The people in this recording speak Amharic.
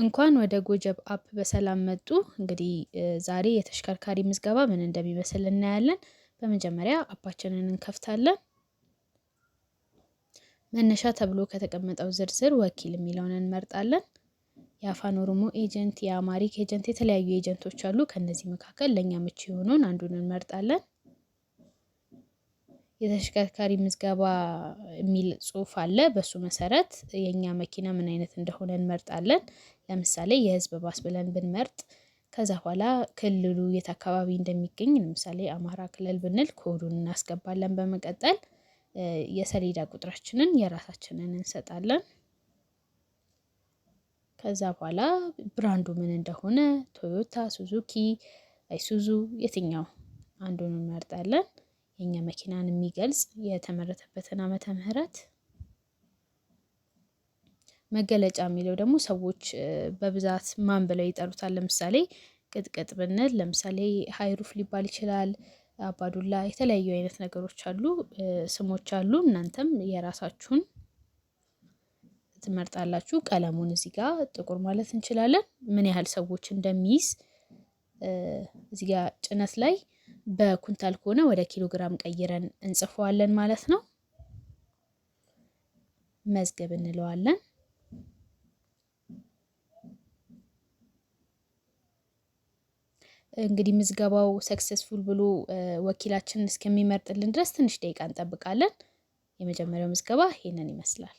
እንኳን ወደ ጎጀብ አፕ በሰላም መጡ። እንግዲህ ዛሬ የተሽከርካሪ ምዝገባ ምን እንደሚመስል እናያለን። በመጀመሪያ አፓችንን እንከፍታለን። መነሻ ተብሎ ከተቀመጠው ዝርዝር ወኪል የሚለውን እንመርጣለን። የአፋን ኦሮሞ ኤጀንት፣ የአማሪክ ኤጀንት፣ የተለያዩ ኤጀንቶች አሉ። ከእነዚህ መካከል ለእኛ ምቹ የሆነውን አንዱን እንመርጣለን። የተሽከርካሪ ምዝገባ የሚል ጽሁፍ አለ። በሱ መሰረት የኛ መኪና ምን አይነት እንደሆነ እንመርጣለን። ለምሳሌ የህዝብ ባስ ብለን ብንመርጥ ከዛ በኋላ ክልሉ የት አካባቢ እንደሚገኝ ለምሳሌ አማራ ክልል ብንል ኮዱን እናስገባለን። በመቀጠል የሰሌዳ ቁጥራችንን የራሳችንን እንሰጣለን። ከዛ በኋላ ብራንዱ ምን እንደሆነ ቶዮታ፣ ሱዙኪ፣ አይሱዙ የትኛው አንዱን እንመርጣለን የኛ መኪናን የሚገልጽ የተመረተበትን ዓመተ ምህረት መገለጫ የሚለው ደግሞ ሰዎች በብዛት ማን ብለው ይጠሩታል? ለምሳሌ ቅጥቅጥ ብንል ለምሳሌ ሀይሩፍ ሊባል ይችላል። አባዱላ የተለያዩ አይነት ነገሮች አሉ፣ ስሞች አሉ። እናንተም የራሳችሁን ትመርጣላችሁ። ቀለሙን እዚህ ጋር ጥቁር ማለት እንችላለን። ምን ያህል ሰዎች እንደሚይዝ እዚህ ጋር ጭነት ላይ በኩንታል ከሆነ ወደ ኪሎ ግራም ቀይረን እንጽፈዋለን ማለት ነው። መዝገብ እንለዋለን። እንግዲህ ምዝገባው ሰክሰስፉል ብሎ ወኪላችንን እስከሚመርጥልን ድረስ ትንሽ ደቂቃ እንጠብቃለን። የመጀመሪያው ምዝገባ ይሄንን ይመስላል።